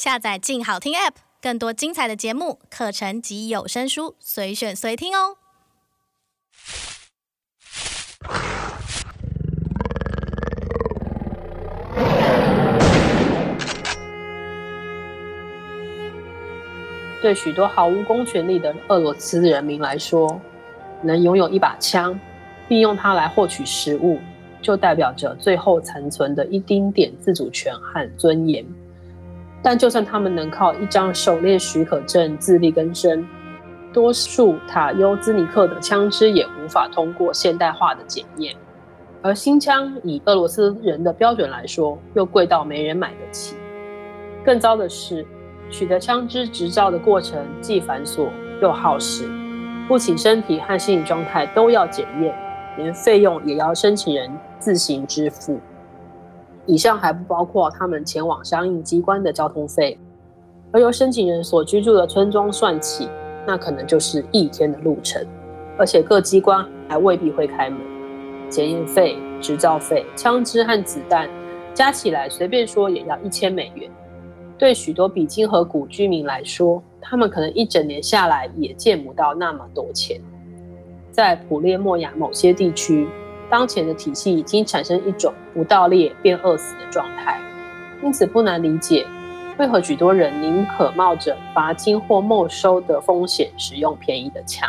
下載“鏡好聽 ”App，更多精彩的節目、課程及有聲書，隨選隨聽哦。對許多毫無公權力的俄羅斯人民來說，能擁有一把槍，並用它來獲取食物，就代表着最後殘存的一丁點自主權和尊嚴。但就算他們能靠一張狩獵許可證自力更生，多數塔尤茲尼克的槍支也無法通過現代化的檢驗，而新槍以俄羅斯人的標準來說，又貴到沒人買得起。更糟的是，取得槍支執照的過程既繁瑣又耗時，不僅身體和心理狀態都要檢驗，連費用也要申請人自行支付。以上還不包括他們前往相應機關的交通費，而由申請人所居住的村莊算起，那可能就是一天的路程，而且各機關還未必會開門。檢驗費、執照費、槍支和子彈加起來，隨便說也要一千美元。對許多比金河谷居民來說，他們可能一整年下來也見不到那麼多錢。在普列莫亞某些地區，當前的體系已經產生一種不盜獵便餓死的狀態，因此不難理解為何許多人寧可冒着罰金或沒收的風險，使用便宜的槍。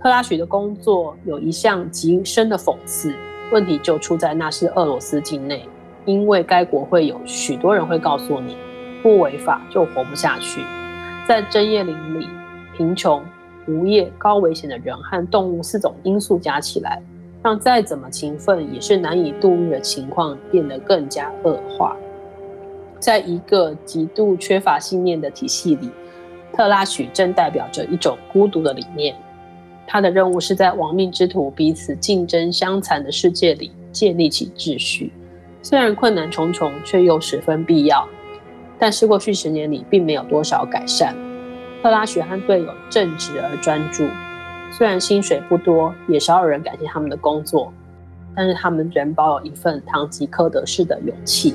特拉許的工作有一項極深的諷刺，問題就出在那是俄羅斯境內，因為該國會有許多人會告訴你，不違法就活不下去。在針葉林裡，貧窮、無業、高危險的人和動物四種因素加起來。讓再怎麼勤奮，也是難以度日的情況變得更加惡化。在一個極度缺乏信念的體系裡，特拉許正代表着一種孤獨的理念。他的任務是在亡命之徒彼此競爭相殘的世界裡建立起秩序。雖然困難重重，卻又十分必要。但是過去十年裡並沒有多少改善。特拉許和隊友正直而專注。雖然薪水不多，也少有人感謝他們的工作，但是他們仍保有一份堂吉訶德式的勇氣。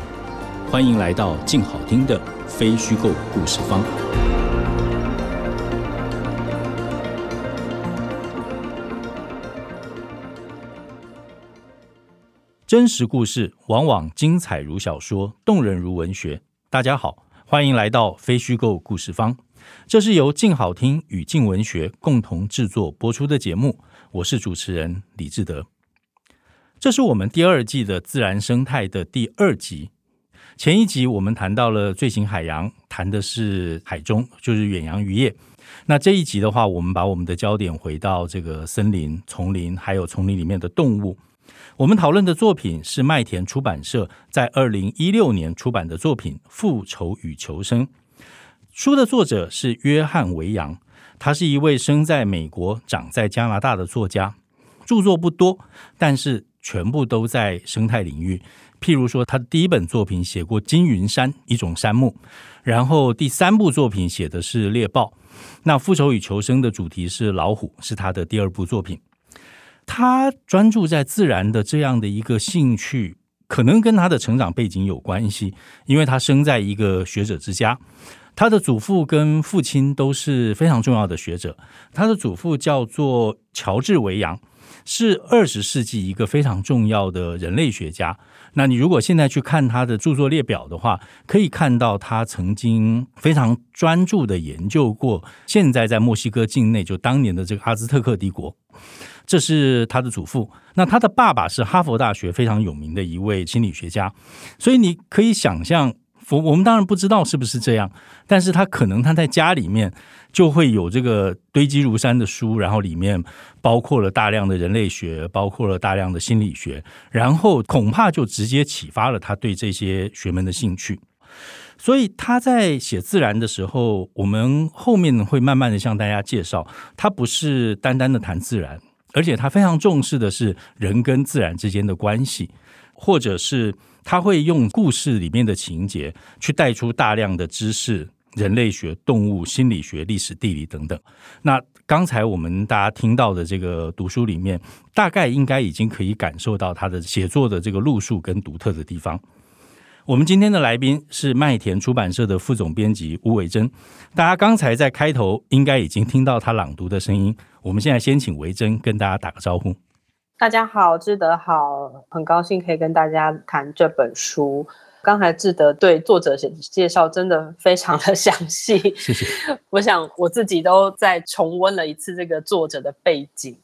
歡迎來到鏡好聽的非虛構故事坊。真實故事往往精彩如小說，動人如文學。大家好，歡迎來到非虛構故事坊。這是由鏡好聽與鏡文學共同制作播出的節目。我是主持人李志德。這是我們第二季的自然生態的第二集。前一集我們談到了罪行海洋，談的是海中，就是遠洋漁業。那這一集的話，我們把我們的焦點回到這個森林、叢林，還有叢林裡面的動物。我們討論的作品是麥田出版社在二零一六年出版的作品《復仇與求生》。書的作者是約翰·維揚，他是一位生在美國、長在加拿大的作家，著作不多，但是，全部都在生態領域，譬如說，他的第一本作品寫過金雲山一種杉木，然後第三部作品寫的是獵豹，那《復仇與求生》的主題是老虎，是他的第二部作品。他專注在自然的這樣的一個興趣，可能跟他的成長背景有關係，因為他生在一個學者之家，他的祖父跟父親都是非常重要的學者，他的祖父叫做喬治維揚。是二十世紀一個非常重要的人類學家。那你如果現在去看他的著作列表的話，可以看到他曾經非常專注地研究過，現在在墨西哥境內，就當年的這個阿茲特克帝國，這是他的祖父。那他的爸爸是哈佛大學非常有名的一位心理學家，所以你可以想象，我我們當然不知道是不是這樣，但是他可能他在家裡面。就會有這個堆積如山的書，然後裡面包括了大量的人類學，包括了大量的心理學，然後恐怕就直接啟發了他對這些學門的興趣。所以他在寫自然的時候，我們後面會慢慢的向大家介紹，他不是單單的談自然，而且他非常重視的是人跟自然之間的關係，或者是他會用故事裡面的情節去帶出大量的知識。人類學、動物心理學，歷史地理等等。那剛才我們大家聽到的這個讀書裡面，大概應該已經可以感受到他的寫作的這個路數跟獨特的地方。我們今天的來賓是麥田出版社的副總編輯吳維珍，大家剛才在開頭應該已經聽到他朗讀的聲音。我們現在先請維珍跟大家打個招呼。大家好，志德好，很高興可以跟大家談這本書。剛才志德對作者的介紹真的非常的詳細，謝謝， 我想我自己都再重溫了一次這個作者的背景，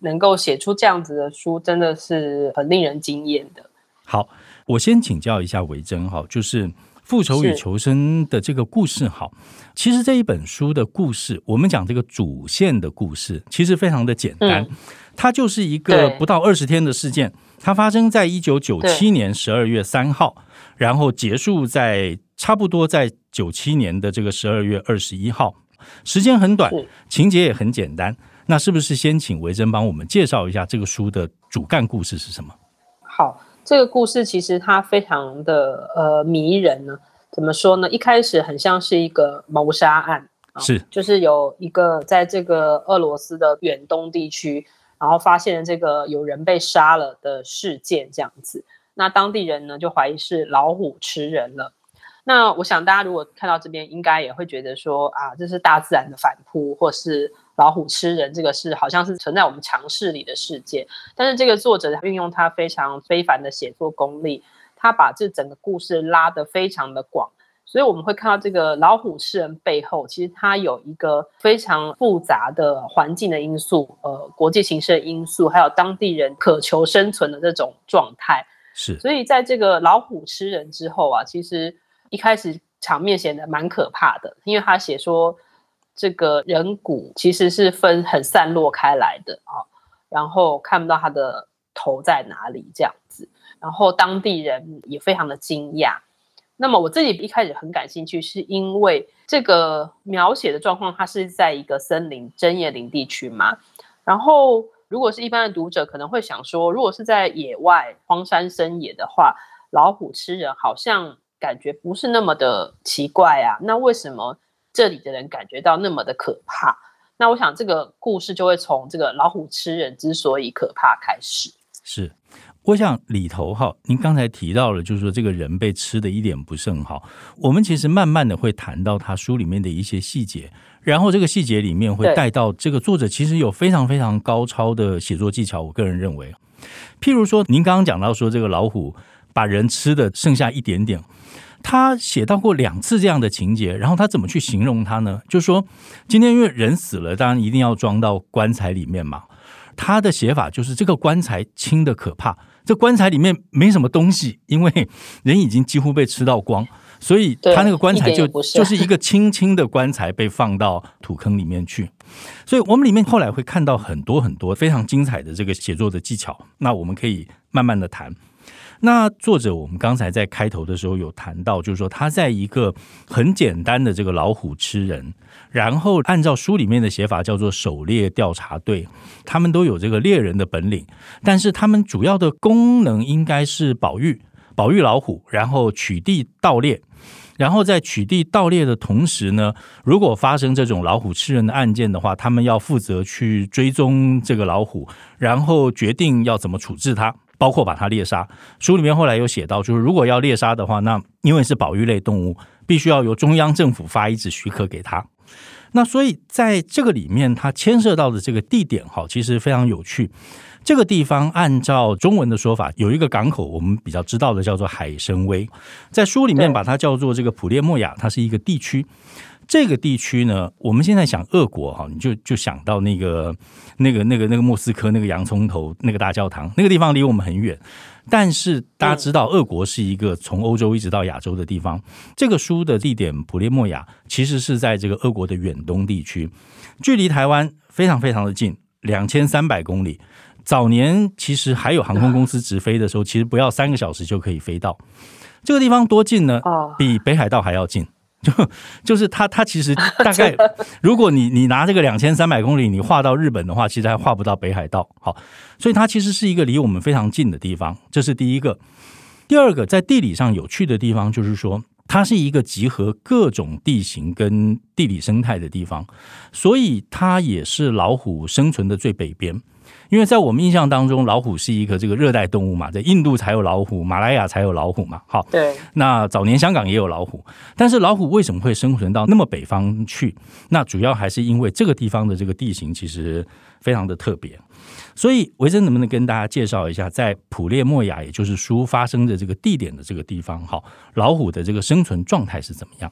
能夠寫出這樣子的書，真的是很令人驚艷的。好，我先請教一下維珍。哈，就是。復仇與求生的這個故事好，是其實這一本書的故事，我們講這個主線的故事，其實非常的簡單，嗯、它就是一個不到二十天的事件，對它發生在一九九七年十二月三號，對然後結束在差不多在九七年的這個十二月二十一號，時間很短，是情節也很簡單。那是不是先請維珍幫我們介紹一下這個書的主幹故事是什麼？好。這個故事其實它非常的呃迷人呢，怎麼說呢？一開始很像是一個謀殺案，啊、是，就是有一個在這個俄羅斯的遠東地區，然後發現這個有人被殺了的事件這樣子，那當地人呢就懷疑是老虎吃人了，那我想大家如果看到這邊，應該也會覺得說啊，這是大自然的反撲，或是。老虎吃人這個事好像是存在我們常識裡的世界，但是這個作者運用他非常非凡的寫作功力，他把這整個故事拉得非常的廣，所以我們會看到這個老虎吃人背後，其實它有一個非常複雜的環境的因素，呃，國際形勢的因素，還有當地人渴求生存的這種狀態。是，所以在這個老虎吃人之後啊，其實一開始場面顯得蠻可怕的，因為他寫說。這個人骨其實是分很散落開來的啊，然後看不到他的頭在哪裡這樣子，然後當地人也非常的驚訝。那麼我自己一開始很感興趣，是因為這個描寫的狀況，它是在一個森林針葉林地區嘛。然後如果是一般的讀者可能會想說，如果是在野外荒山深野的話，老虎吃人好像感覺不是那麼的奇怪啊，那為什麼？這裡的人感覺到那麼的可怕，那我想這個故事就會從這個老虎吃人之所以可怕開始。是，我想裡頭哈，您剛才提到了，就是說這個人被吃的，一點不剩哈。我們其實慢慢的會談到他書裡面的一些細節，然後這個細節裡面會帶到這個作者其實有非常非常高超的寫作技巧。我個人認為，譬如說您剛剛講到說這個老虎把人吃的剩下一點點。他寫到過兩次這樣的情節，然後他怎麼去形容他呢？就是說，今天因為人死了，當然一定要裝到棺材裡面嘛。他的寫法就是這個棺材輕的可怕，這棺材裡面沒什麼東西，因為人已經幾乎被吃到光，所以他那個棺材就是、啊、就是一個輕輕的棺材被放到土坑裡面去。所以我們裡面後來會看到很多很多非常精彩的這個寫作的技巧，那我們可以慢慢的談。那作者，我們剛才在開頭的時候有談到，就是說他在一個很簡單的這個老虎吃人，然後按照書裡面的寫法叫做狩獵調查隊，他們都有這個獵人的本領，但是他們主要的功能應該是保育保育老虎，然後取締盜獵，然後在取締盜獵的同時呢，如果發生這種老虎吃人的案件的話，他們要負責去追蹤這個老虎，然後決定要怎麼處置它。包括把它獵殺，書裡面後來有寫到，就是如果要獵殺的話，那因為是保育類動物，必須要由中央政府發一紙許可給他。那所以在這個裡面，它牽涉到的這個地點哈，其實非常有趣。這個地方按照中文的說法，有一個港口，我們比較知道的叫做海參崴，在書裡面把它叫做這個普列莫亞，它是一個地區。這個地區呢，我們現在想俄國哈，你就就想到那個那個那個、那個、那個莫斯科那個洋蔥頭那個大教堂那個地方，離我們很遠。但是大家知道，俄國是一個從歐洲一直到亞洲的地方。這個書的地點普列莫亞，其實是在這個俄國的遠東地區，距離台灣非常非常的近，兩千三百公里。早年其實還有航空公司直飛的時候，其實不要三個小時就可以飛到這個地方，多近呢？哦，比北海道還要近。就 就是它，它其實大概，如果你你拿這個兩千三百公里，你畫到日本的話，其實還畫不到北海道。好，所以它其實是一個離我們非常近的地方，這是第一個。第二個，在地理上有趣的地方就是說，它是一個集合各種地形跟地理生態的地方，所以它也是老虎生存的最北邊。因為在我們印象當中，老虎是一個這個熱帶動物嘛，在印度才有老虎，馬來亞才有老虎嘛。好，對。那早年香港也有老虎，但是老虎為什麼會生存到那麼北方去？那主要還是因為這個地方的這個地形其實非常的特別。所以維珍能不能跟大家介紹一下，在普列莫亞，也就是書發生的這個地點的這個地方，好，老虎的這個生存狀態是怎麼樣？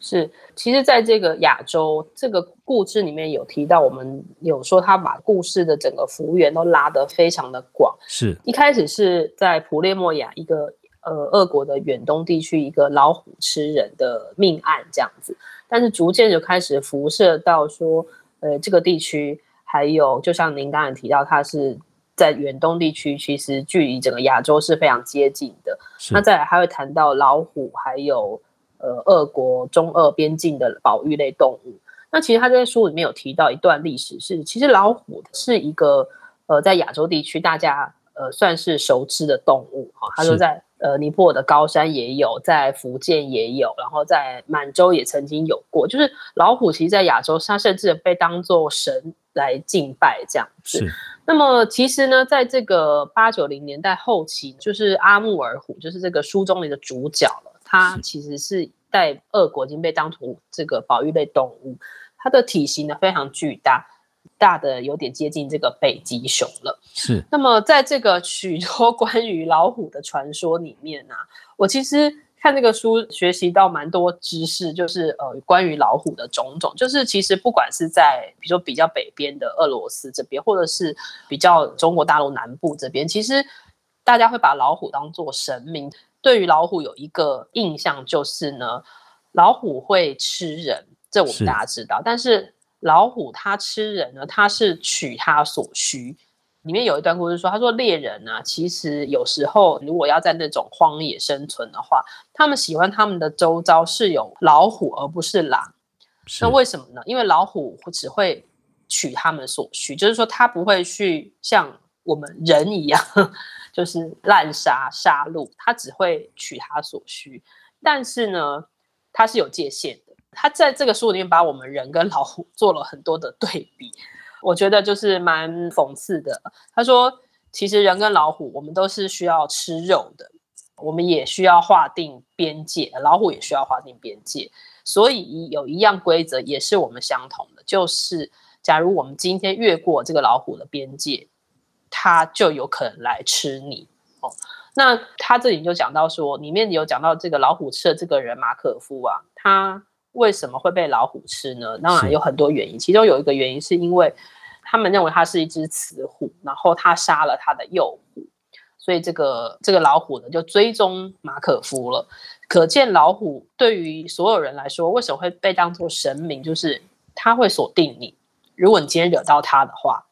是，其實，在這個亞洲這個故事裡面有提到，我們有說他把故事的整個幅員，都拉得非常的廣。是，一開始是在普列莫亞一個呃俄國的遠東地區一個老虎吃人的命案這樣子，但是逐漸就開始輻射到說，呃，這個地區還有，就像您剛才提到，它是在遠東地區，其實距離整個亞洲是非常接近的。是那再來，還會談到老虎還有。呃，俄國中俄邊境的保育類動物。那其實他在書裡面有提到一段歷史是，是其實老虎是一個呃，在亞洲地區大家呃算是熟知的動物哈。他、哦、說在是呃尼泊爾的高山也有，在福建也有，然後在滿洲也曾經有過。就是老虎其實，在亞洲它甚至被當做神來敬拜這樣子。是那麼其實呢，在這個八九零年代後期，就是阿穆爾虎，就是這個書中的主角了。它其實是在俄國已經被當作這個保育類動物，它的體型呢非常巨大，大的有點接近這個北極熊了。是。那麼在這個許多關於老虎的傳說裡面呢、啊，我其實看這個書學習到蠻多知識，就是呃關於老虎的種種，就是其實不管是在比如說比較北邊的俄羅斯這邊，或者是比較中國大陸南部這邊，其實大家會把老虎當做神明。對於老虎有一個印象就是呢，老虎會吃人，這我們大家知道。是。但是老虎它吃人呢，它是取它所需。裡面有一段故事說，他說獵人呢、啊，其實有時候如果要在那種荒野生存的話，他們喜歡他們的周遭是有老虎而不是狼。是。那為什麼呢？因為老虎只會取他們所需，就是說它不會去像我們人一樣。就是濫殺殺戮，他只會取他所需，但是呢，他是有界限的。他在這個書裡面把我們人跟老虎做了很多的對比，我覺得就是蠻諷刺的。他說，其實人跟老虎，我們都是需要吃肉的，我們也需要劃定邊界，老虎也需要劃定邊界，所以有一樣規則也是我們相同的，就是假如我們今天越過這個老虎的邊界。他就有可能來吃你哦。那他這裡就講到說，裡面有講到這個老虎吃的這個人馬可夫啊，他為什麼會被老虎吃呢？當然有很多原因，其中有一個原因是因為他們認為他是一隻雌虎，然後他殺了他的幼虎，所以這個這個老虎呢，就追蹤馬可夫了。可見老虎對於所有人來說，為什麼會被當作神明？就是他會鎖定你，如果你今天惹到他的話。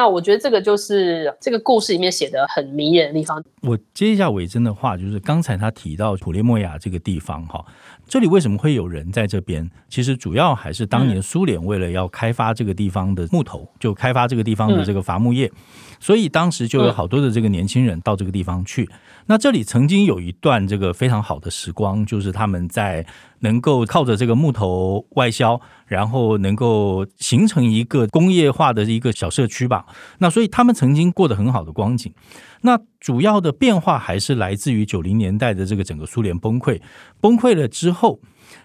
那我覺得這個就是這個故事裡面寫的很迷人的地方。我接一下偉珍的話，就是剛才他提到普列莫亞這個地方哈，這裡為什麼會有人在這邊？其實主要還是當年蘇聯為了要開發這個地方的木頭，就開發這個地方的這個伐木業，嗯、所以當時就有好多的這個年輕人到這個地方去。嗯嗯那這裡曾經有一段這個非常好的時光，就是他們在能夠靠着這個木頭外銷，然後能夠形成一個工業化的一個小社區吧。那所以他們曾經過得很好的光景。那主要的變化還是來自於九零年代的這個整個蘇聯崩潰，崩潰了之後。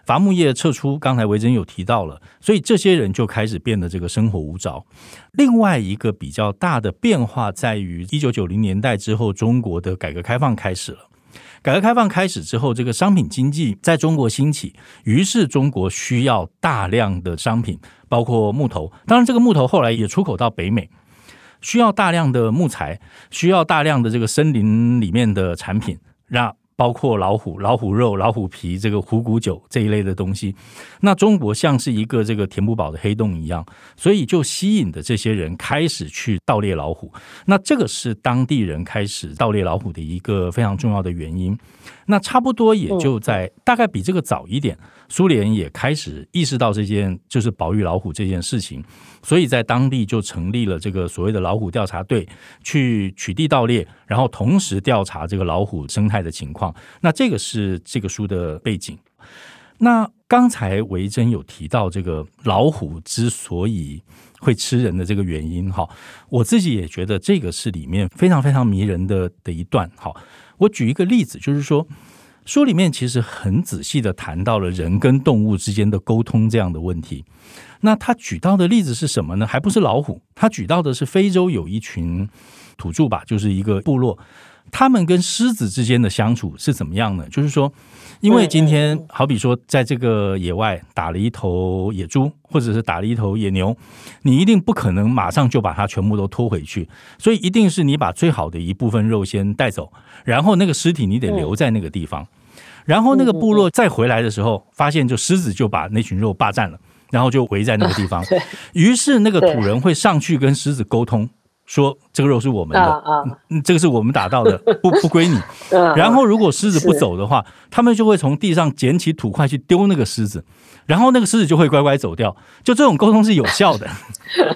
伐木業撤出，剛才維珍有提到了，所以這些人就開始變得這個生活無着。另外一個比較大的變化在於，一九九零年代之後，中國的改革開放開始了。改革開放開始之後，這個商品經濟在中國興起，於是中國需要大量的商品，包括木頭。當然，這個木頭後來也出口到北美，需要大量的木材，需要大量的這個森林裡面的產品，讓。包括老虎、老虎肉、老虎皮，這個虎骨酒這一類的東西，那中國像是一個這個填不飽的黑洞一樣，所以就吸引的這些人開始去盜獵老虎，那這個是當地人開始盜獵老虎的一個非常重要的原因。那差不多也就在大概比這個早一點，蘇聯也開始意識到這件就是保育老虎這件事情，所以在當地就成立了這個所謂的老虎調查隊，去取締盜獵，然後同時調查這個老虎生態的情況。那這個是這個書的背景。那剛才維珍有提到這個老虎之所以會吃人的這個原因哈，我自己也覺得這個是裡面非常非常迷人的的一段哈。我舉一個例子，就是說，書裡面其實很仔細地談到了人跟動物之間的溝通這樣的問題。那他舉到的例子是什麼呢？還不是老虎，他舉到的是非洲有一群土著吧，就是一個部落。他們跟獅子之間的相處是怎麼樣呢？就是說，因為今天好比說，在這個野外打了一頭野豬，或者是打了一頭野牛，你一定不可能馬上就把它全部都拖回去，所以一定是你把最好的一部分肉先帶走，然後那個屍體你得留在那個地方，然後那個部落再回來的時候，發現就獅子就把那群肉霸占了，然後就圍在那個地方，於是那個土人會上去跟獅子溝通。說這個肉是我們的，uh, uh, 這個是我們打到的，不不歸你。Uh, uh, 然後如果獅子不走的話，是他們就會從地上撿起土塊去丟那個獅子，然後那個獅子就會乖乖走掉。就這種溝通是有效的。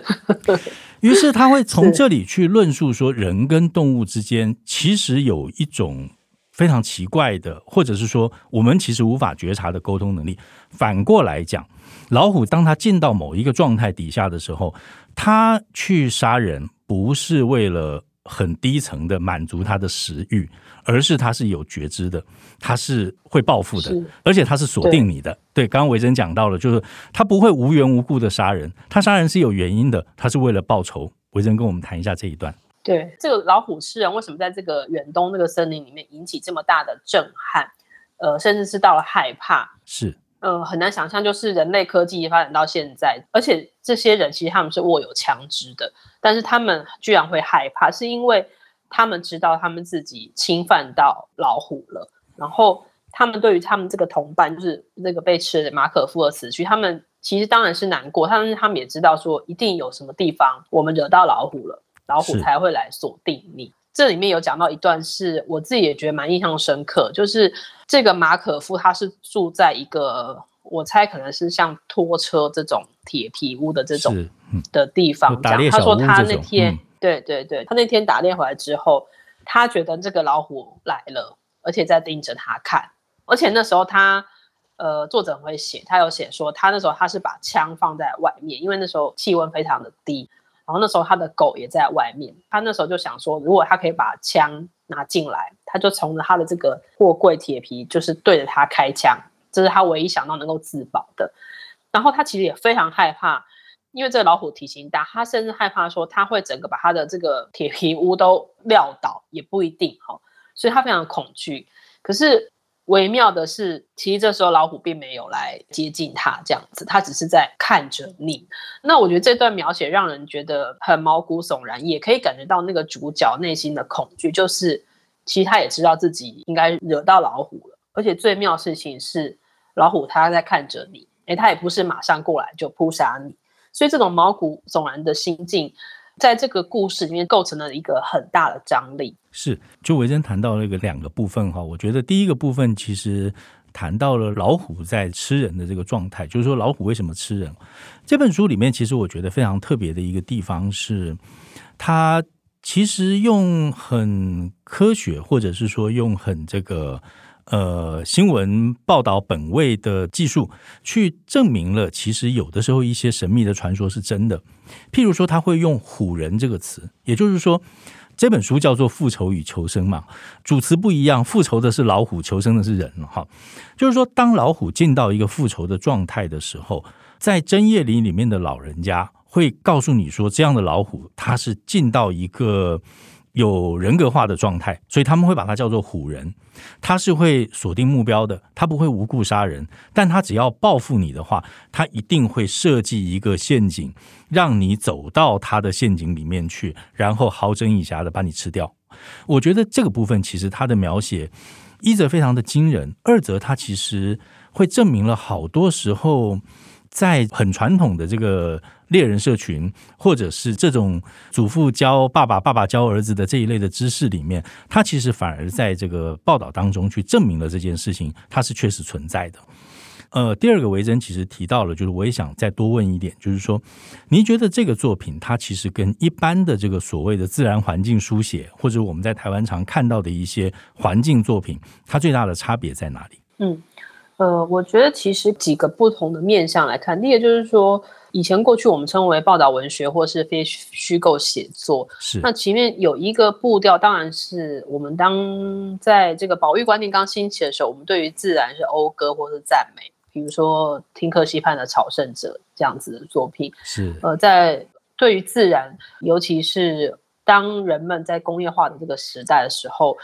於是他會從這裡去論述說，人跟動物之間其實有一種非常奇怪的，或者是說我們其實無法覺察的溝通能力。反過來講，老虎當他進到某一個狀態底下的時候，他去殺人。不是為了很低層的滿足他的食欲，而是他是有覺知的，他是會報復的，是而且他是鎖定你的。對，對，剛剛維珍講到了，就是他不會無緣無故的殺人，他殺人是有原因的，他是為了報仇。維珍跟我們談一下這一段。對，這個老虎吃人為什麼在這個遠東那個森林裡面引起這麼大的震撼？呃，甚至是到了害怕。是。呃、嗯，很難想象，就是人類科技發展到現在，而且這些人其實他們是握有槍支的，但是他們居然會害怕，是因為他們知道他們自己侵犯到老虎了，然後他們對於他們這個同伴，就是那個被吃的馬可夫的死去，他們其實當然是難過，但是他們也知道說，一定有什麼地方我們惹到老虎了，老虎才會來鎖定你。這裡面有講到一段事，是我自己也覺得蠻印象深刻，就是這個馬可夫，他是住在一個，我猜可能是像拖車這種鐵皮屋的這種的地方。他說他那天，嗯、對對對，他那天打獵回來之後，他覺得這個老虎來了，而且在盯着他看。而且那時候他，呃，作者很會寫，他有寫說他那時候他是把槍放在外面，因為那時候氣溫非常的低。然後那時候他的狗也在外面，他那時候就想說，如果他可以把槍拿進來，他就從他的這個貨櫃鐵皮就是對着他開槍，這、就是他唯一想到能夠自保的。然後他其實也非常害怕，因為這個老虎體型大，他甚至害怕說他會整個把他的這個鐵皮屋都撂倒，也不一定，哦，所以他非常的恐懼。可是微妙的是，其實這時候老虎並沒有來接近他，這樣子，他只是在看着你。那我覺得這段描寫讓人覺得很毛骨悚然，也可以感覺到那個主角內心的恐懼，就是其實他也知道自己應該惹到老虎了。而且最妙的事情是，老虎他在看着你，誒、哎，他也不是馬上過來就撲殺你，所以這種毛骨悚然的心境。在這個故事裡面構成了一個很大的張力。是，就維珍談到了一個兩個部分哈、哦，我覺得第一個部分其實談到了老虎在吃人的這個狀態，就是說老虎為什麼吃人。這本書裡面其實我覺得非常特別的一個地方是，它其實用很科學，或者是說用很這個。呃，新聞報道本位的技術去證明了，其實有的時候一些神秘的傳說是真的。譬如說，他會用“虎人”這個詞，也就是說，這本書叫做《復仇與求生》嘛，主詞不一樣，復仇的是老虎，求生的是人，哈。就是說，當老虎進到一個復仇的狀態的時候，在針葉林裡面的老人家會告訴你說，這樣的老虎它是進到一個。有人格化的狀態，所以他們會把它叫做虎人。他是會鎖定目標的，他不會無故殺人，但他只要報復你的話，他一定會設計一個陷阱，讓你走到他的陷阱裡面去，然後好整以暇的把你吃掉。我覺得這個部分其實他的描寫，一則非常的驚人，二則他其實會證明了好多時候在很傳統的這個。獵人社群，或者是這種祖父教爸爸，爸爸教兒子的這一類的知識裡面，他其實反而在這個報道當中去證明了這件事情，它是確實存在的。呃，第二個維珍其實提到了，就是我也想再多問一點，就是說，您覺得這個作品它其實跟一般的這個所謂的自然環境書寫，或者我們在台灣常看到的一些環境作品，它最大的差別在哪裡？嗯，呃，我覺得其實幾個不同的面向來看，第一個就是說。以前過去我們稱為報道文學，或是非虛構寫作，是那前面有一個步調，當然是我們當在這個保育觀念剛興起的時候，我們對於自然是謳歌或是讚美，比如說《聽客溪畔的朝聖者》這樣子的作品，是呃，在對於自然，尤其是當人們在工業化的這個時代的時候，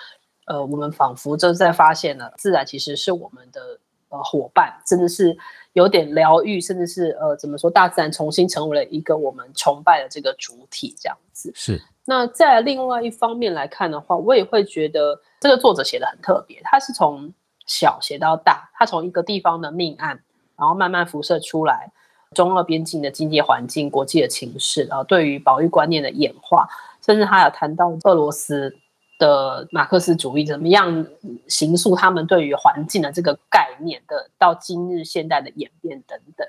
呃，我們仿佛就是在發現了自然其實是我們的呃夥伴，真的是。有點療癒，甚至是呃，怎麼說？大自然重新成為了一個我們崇拜的這個主體，這樣子。是。那在另外一方面來看的話，我也會覺得這個作者寫得很特別。他是從小寫到大，他從一個地方的命案，然後慢慢輻射出來中俄邊境的經濟環境、國際的情勢，然後對於保育觀念的演化，甚至他有談到俄羅斯。的馬克思主義怎麼樣形塑他們對於環境的這個概念的，到今日現代的演變等等，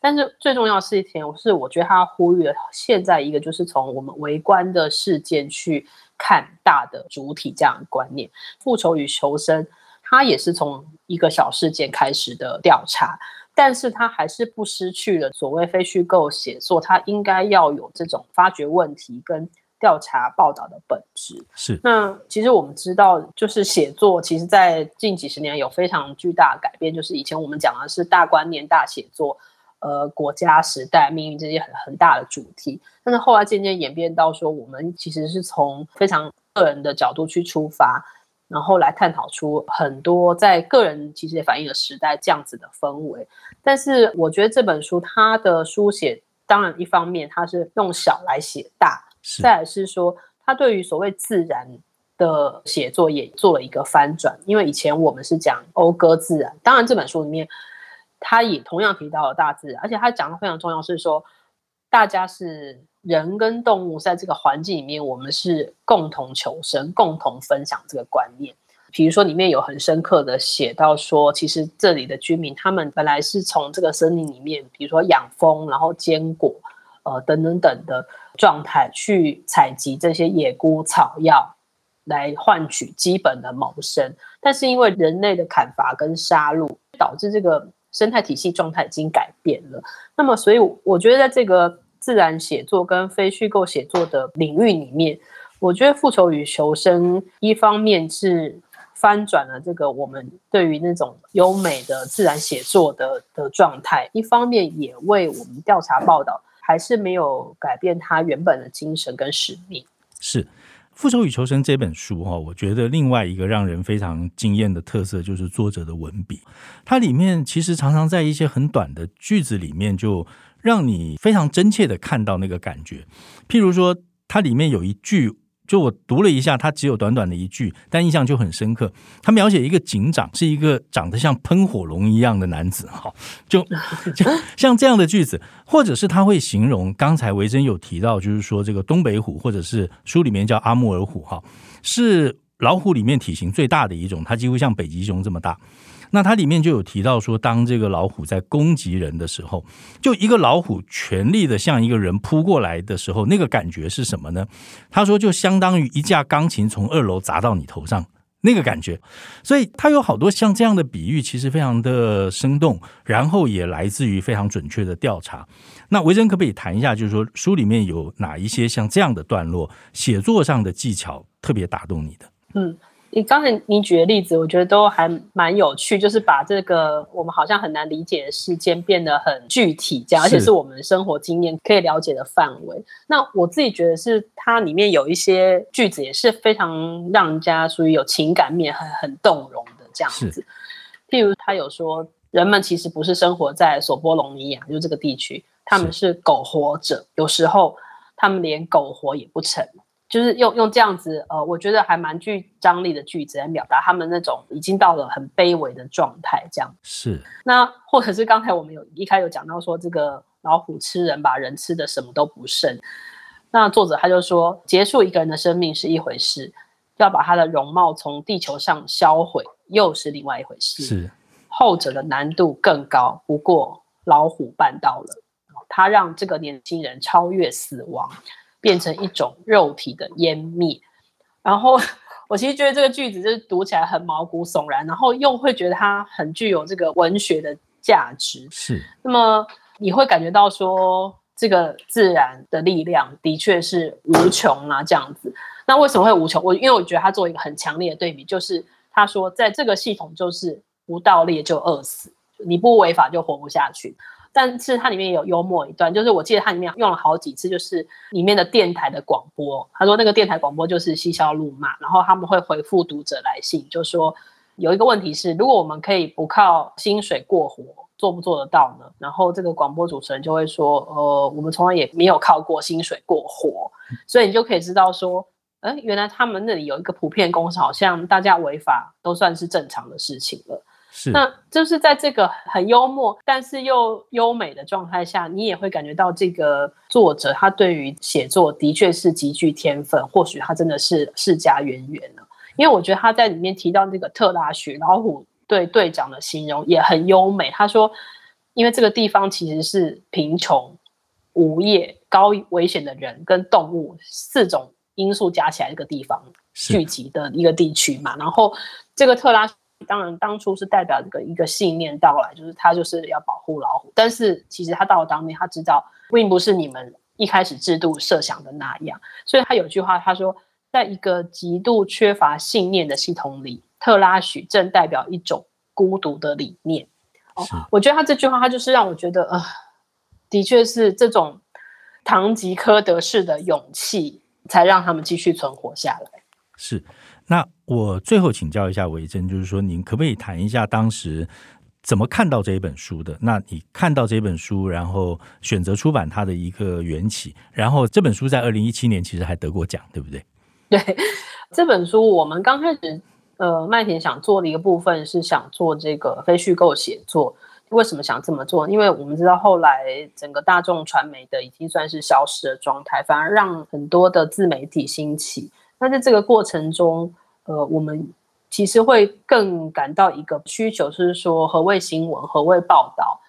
但是最重要的一點，我是我覺得他呼籲了現在一個就是從我們圍觀的事件去看大的主體這樣的觀念。復仇與求生，他也是從一個小事件開始的調查，但是他還是不失去了所謂非虛構寫作，他應該要有這種發掘問題跟。調查報道的本質是那，其實我們知道，就是寫作，其實，在近幾十年有非常巨大的改變。就是以前我們講的是大觀念、大寫作，呃，國家時代命運這些很很大的主題，但是後來漸漸演變到說，我們其實是從非常個人的角度去出發，然後來探討出很多在個人其實也反映了時代這樣子的氛圍。但是，我覺得這本書它的書寫，當然一方面它是用小來寫大。是。再來是說，他對於所謂自然的寫作也做了一個翻轉，因為以前我們是講謳歌自然，當然這本書裡面他也同樣提到了大自然，而且他講得非常重要，是說大家是人跟動物在這個環境裡面，我們是共同求生、共同分享這個觀念。比如說裡面有很深刻的寫到說，其實這裡的居民他們本來是從這個森林裡面，比如說養蜂，然後堅果。呃，等等等的狀態去採集這些野菇草藥，來換取基本的謀生。但是因為人類的砍伐跟殺戮，導致這個生態體系狀態已經改變了。那麼，所以我覺得在這個自然寫作跟非虛構寫作的領域裡面，我覺得《復仇與求生》一方面是翻轉了這個我們對於那種優美的自然寫作的的狀態，一方面也為我們調查報道。還是沒有改變他原本的精神跟使命，是《復仇與求生》這本書哈、哦，我覺得另外一個讓人非常驚豔的特色，就是作者的文筆。它裡面其實常常在一些很短的句子裡面，就讓你非常真切的看到那個感覺。譬如說，它裡面有一句。就我讀了一下，他只有短短的一句，但印象就很深刻。他描寫一個警長，是一個長得像噴火龍一樣的男子，哈，就，就像這樣的句子，或者是他會形容。剛才維珍有提到，就是說這個東北虎，或者是書裡面叫阿穆爾虎，哈，是老虎裡面體型最大的一種，它幾乎像北極熊這麼大。那它裡面就有提到說，當這個老虎在攻擊人的時候，就一個老虎全力的向一個人撲過來的時候，那個感覺是什麼呢？他說，就相當於一架鋼琴從二樓砸到你頭上那個感覺。所以他有好多像這樣的比喻，其實非常的生動，然後也來自於非常準確的調查。那維珍可不可以談一下，就是說書裡面有哪一些像這樣的段落，寫作上的技巧特別打動你的？嗯。你剛才你舉的例子，我覺得都還蠻有趣，就是把這個我們好像很難理解的事件變得很具體，這樣，是而且是我們生活經驗可以了解的範圍。那我自己覺得是它裡面有一些句子也是非常讓人家屬於有情感面很很動容的這樣子。譬是如他有說，人們其實不是生活在索波隆尼亞，就是、這個地區，他們是苟活者，是有時候他們連苟活也不成。就是用用這樣子，呃，我覺得還蠻具張力的句子來表達他們那種已經到了很卑微的狀態。這樣是。那或者是剛才我們有一開始有講到說，這個老虎吃人吧，把人吃的什麼都不剩。那作者他就說，結束一個人的生命是一回事，要把他的容貌從地球上銷毀又是另外一回事。是。後者的難度更高，不過老虎辦到了，哦，他讓這個年輕人超越死亡。變成一種肉體的湮滅，然後我其實覺得這個句子就是讀起來很毛骨悚然，然後又會覺得它很具有這個文學的價值。是，那麼你會感覺到說，這個自然的力量的確是無窮啊，這樣子。那為什麼會無窮？我因為我覺得他做一個很強烈的對比，就是他說在這個系統，就是不盜獵，就餓死，你不違法就活不下去。但是它裡面有幽默一段，就是我記得它裡面用了好幾次，就是裡面的電台的廣播。他說那個電台廣播就是嬉笑怒罵，然後他們會回復讀者來信，就說有一個問題是，如果我們可以不靠薪水過活，做不做得到呢？然後這個廣播主持人就會說，呃，我們從來也沒有靠過薪水過活，所以你就可以知道說，哎、呃，原來他們那裡有一個普遍共識，好像大家違法都算是正常的事情了。是那就是在這個很幽默但是又優美的狀態下，你也會感覺到這個作者他對於寫作的確是極具天分，或許他真的是世家淵源呢。因為我覺得他在裡面提到那個特拉許老虎對隊長的形容也很優美。他說，因為這個地方其實是貧窮、無業、高危險的人跟動物四種因素加起來一個地方聚集的一個地區嘛。是然後這個特拉。當然，當初是代表一個一個信念到來，就是他就是要保護老虎。但是其實他到了當面，他知道並不是你們一開始制度設想的那樣。所以他有句話，他說：“在一個極度缺乏信念的系統裡，特拉許正代表一種孤獨的理念。”哦。是我覺得他這句話，他就是讓我覺得，呃，的確是這種堂吉訶德式的勇氣，才讓他們繼續存活下來。是。那我最後請教一下維珍，就是說您可不可以談一下當時怎麼看到這一本書的？那你看到這本書，然後選擇出版它的一個緣起，然後這本書在二零一七年其實還得過獎，對不對？對，這本書我們剛開始，呃，麥田想做的一個部分是想做這個非虛構寫作。為什麼想這麼做？因為我們知道後來整個大眾傳媒的已經算是消失的狀態，反而讓很多的自媒體興起。那在這個過程中，呃，我們其實會更感到一個需求，是說何謂新聞，何謂報道，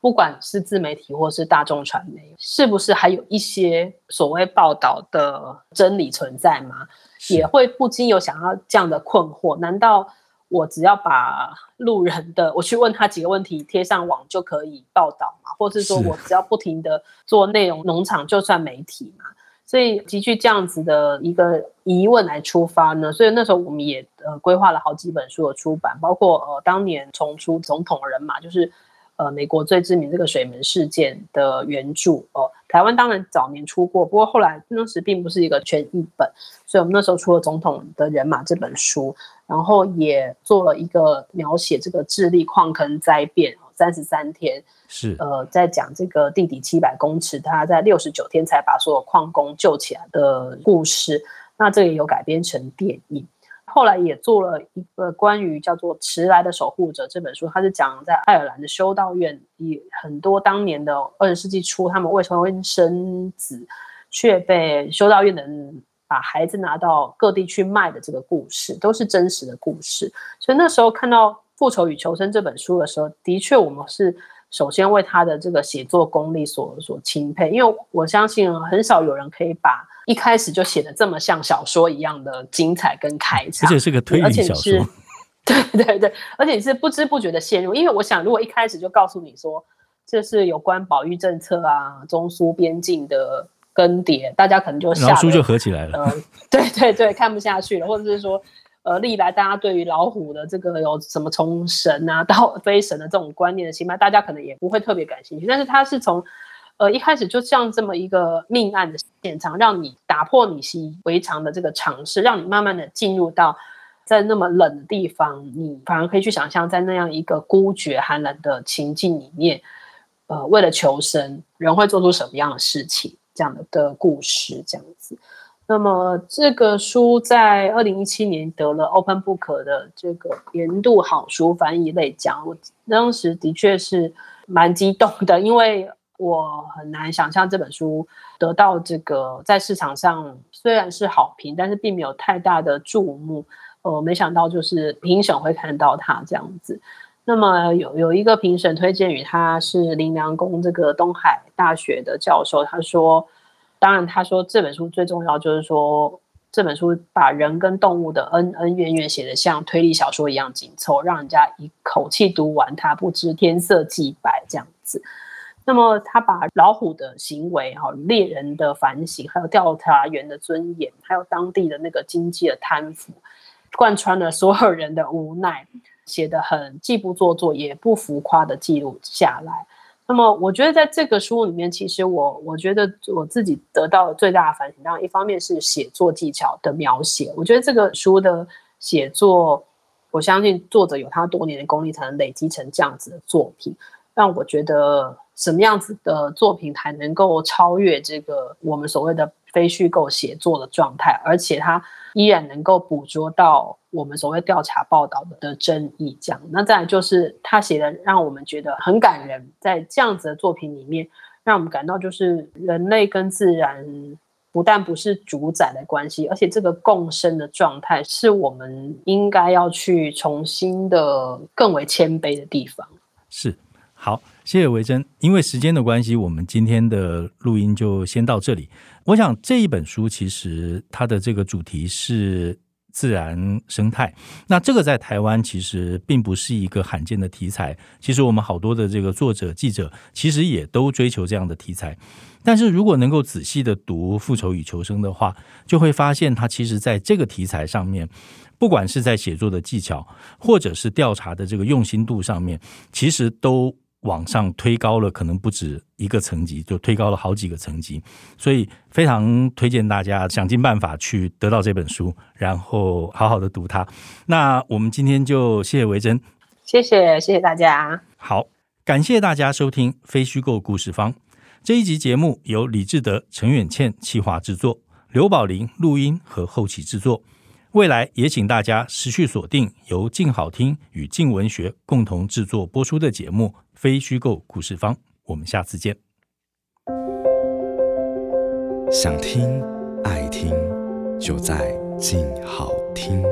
不管是自媒體或是大眾傳媒，是不是還有一些所謂報道的真理存在嗎？是也會不禁有想要這樣的困惑：難道我只要把路人的我去問他幾個問題，貼上網就可以報道嗎？或是說我只要不停地做內容農場，就算媒體嗎？是嗯所以基於這樣子的一個疑問來出發呢，所以那時候我們也呃規劃了好幾本書的出版，包括呃當年重出總統人馬，就是呃美國最知名這個水門事件的原著哦。台灣當然早年出過，不過後來那時並不是一個全譯本，所以我們那時候出了《總統的人馬》這本書，然後也做了一個描寫這個智利礦坑災變。三十三天是呃，在講這個地底七百公尺，他在六十九天才把所有礦工救起來的故事。那這個也有改編成電影，後來也做了一個關於叫做《遲來的守護者》這本書，它是講在愛爾蘭的修道院，也很多當年的二十世紀初，他們未婚生子卻被修道院的人把孩子拿到各地去賣的這個故事，都是真實的故事。所以那時候看到。《復仇與求生》這本書的時候，的確，我們是首先為他的這個寫作功力所所欽佩，因為我相信很少有人可以把一開始就寫的這麼像小說一樣的精彩跟開場。而且是個推理小說、嗯。對對對，而且你是不知不覺的陷入，因為我想，如果一開始就告訴你說這是有關保育政策啊、中蘇邊境的更迭，大家可能就小說就合起來了。呃、對對對，對，對，看不下去了，或者是說。呃，歷來大家對於老虎的這個有什麼從神啊、到非神的這種觀念的形態，大家可能也不會特別感興趣。但是它是從，呃，一開始就像這麼一個命案的現場，讓你打破你習以為常的這個常識，讓你慢慢的進入到在那麼冷的地方，你反而可以去想象，在那樣一個孤絕寒冷的情境裡面，呃，為了求生，人會做出什麼樣的事情？這樣的故事，這樣子。那麼這個書在二零一七年得了 Open Book 的這個年度好書翻譯類獎，我當時的確是蠻激動的，因為我很難想象這本書得到這個在市場上雖然是好評，但是並沒有太大的注目，呃，沒想到就是評審會看到它這樣子。那麼有有一個評審推薦語，他是林良公這個東海大學的教授，他說。當然，他說這本書最重要就是說，這本書把人跟動物的恩恩怨怨寫得像推理小說一樣緊湊，讓人家一口氣讀完，他不知天色既白這樣子。那麼，他把老虎的行為、獵人的反省、還有調查員的尊嚴，還有當地的那個經濟的貪腐，貫穿了所有人的無奈，寫得很既不做作也不浮誇的記錄下來。那麼，我覺得在這個書裡面，其實我我覺得我自己得到了最大的反省，當然一方面是寫作技巧的描寫。我覺得這個書的寫作，我相信作者有他多年的功力才能累積成這樣子的作品。讓我覺得什麼樣子的作品才能夠超越這個我們所謂的非虛構寫作的狀態，而且它依然能夠捕捉到我們所謂調查報道的的爭議。這樣，那再就是他寫的，讓我們覺得很感人。在這樣子的作品裡面，讓我們感到就是人類跟自然不但不是主宰的關係，而且這個共生的狀態是我們應該要去重新的更為謙卑的地方。是。好，謝謝維珍。因為時間的關係，我們今天的錄音就先到這裡。我想這一本書其實它的這個主題是自然生態，那這個在台灣其實並不是一個罕見的題材。其實我們好多的這個作者、記者其實也都追求這樣的題材。但是如果能夠仔細地讀《復仇與求生》的話，就會發現它其實在這個題材上面，不管是在寫作的技巧，或者是調查的這個用心度上面，其實都。往上推高了，可能不止一個層級，就推高了好幾個層級，所以非常推薦大家想盡辦法去得到這本書，然後好好的讀它。那我們今天就謝謝維珍，謝謝謝謝大家，好，感謝大家收聽非虛構故事坊這一集節目，由李志德、陳遠倩企劃制作，劉寶林錄音和後期制作。未來也請大家持續鎖定由靜好聽與靜文學共同製作播出的節目《非虛構故事坊》，我們下次見。想聽，愛聽，就在靜好聽。